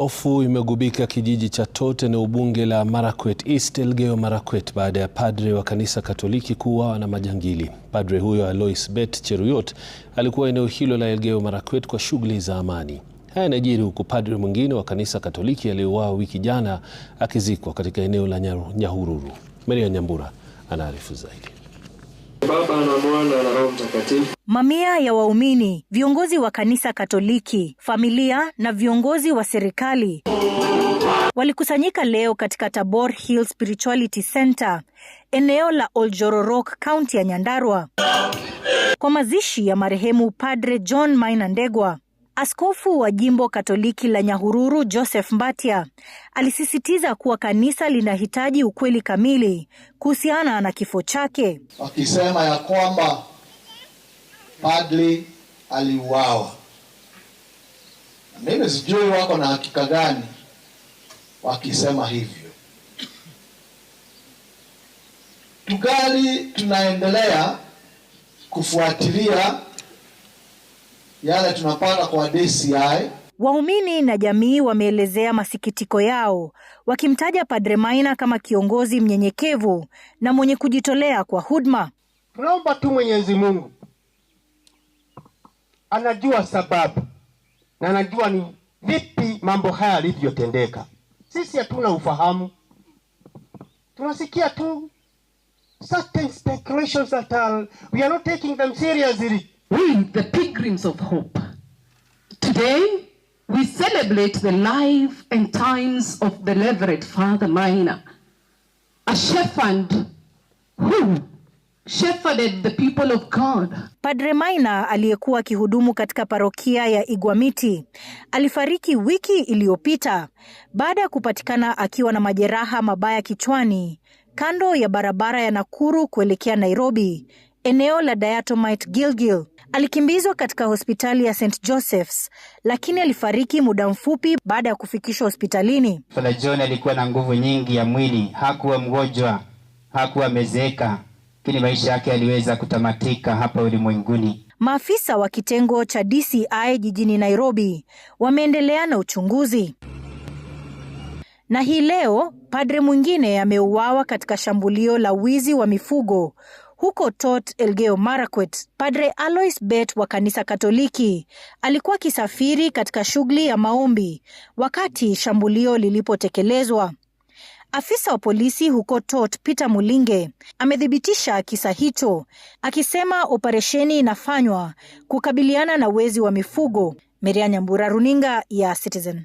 Hofu imegubika kijiji cha Tot eneo bunge la Marakwet East Elgeyo Marakwet baada ya padre wa kanisa Katoliki kuuawa na majangili. Padre huyo Alois Bet Cheruyot alikuwa eneo hilo la Elgeyo Marakwet kwa shughuli za amani. Haya yanajiri huku padre mwingine wa kanisa Katoliki aliyeuawa wiki jana akizikwa katika eneo la Nyahururu. Maria Nyambura anaarifu zaidi. Baba na Mwana na Roho Mtakatifu. Mamia ya waumini, viongozi wa kanisa Katoliki, familia na viongozi wa serikali walikusanyika leo katika Tabor Hill Spirituality Center, eneo la Oljororok, kaunti ya Nyandarua kwa mazishi ya marehemu Padre John Maina Ndegwa. Askofu wa jimbo Katoliki la Nyahururu Joseph Mbatia alisisitiza kuwa kanisa linahitaji ukweli kamili kuhusiana na kifo chake, wakisema ya kwamba padri aliuawa. Mimi sijui wako na hakika gani wakisema hivyo. Tugali tunaendelea kufuatilia yale tunapata kwa DCI. Waumini na jamii wameelezea masikitiko yao wakimtaja Padre Maina kama kiongozi mnyenyekevu na mwenye kujitolea kwa huduma. Tunaomba tu Mwenyezi Mungu anajua sababu na anajua ni vipi mambo haya yalivyotendeka. Sisi hatuna ufahamu, tunasikia tu certain speculations that are, we are not taking them seriously. We, the pilgrims of hope. Today, we celebrate the life and times of the Reverend Father Minor, a shepherd who shepherded the people of God. Padre Minor aliyekuwa akihudumu katika parokia ya Igwamiti alifariki wiki iliyopita baada ya kupatikana akiwa na majeraha mabaya kichwani kando ya barabara ya Nakuru kuelekea Nairobi, eneo la Diatomite Gilgil. Alikimbizwa katika hospitali ya St Joseph's lakini alifariki muda mfupi baada ya kufikishwa hospitalini. Fala John alikuwa na nguvu nyingi ya mwili, hakuwa mgonjwa, hakuwa amezeeka, lakini maisha yake yaliweza kutamatika hapa ulimwenguni. Maafisa wa kitengo cha DCI jijini Nairobi wameendelea na uchunguzi na hii leo padre mwingine ameuawa katika shambulio la wizi wa mifugo huko Tot, elgeo Marakwet, Padre Alois Bet wa kanisa Katoliki alikuwa akisafiri katika shughuli ya maombi wakati shambulio lilipotekelezwa. Afisa wa polisi huko Tot, Peter Mulinge, amethibitisha kisa hicho akisema operesheni inafanywa kukabiliana na wezi wa mifugo. Meria Nyambura, runinga ya Citizen.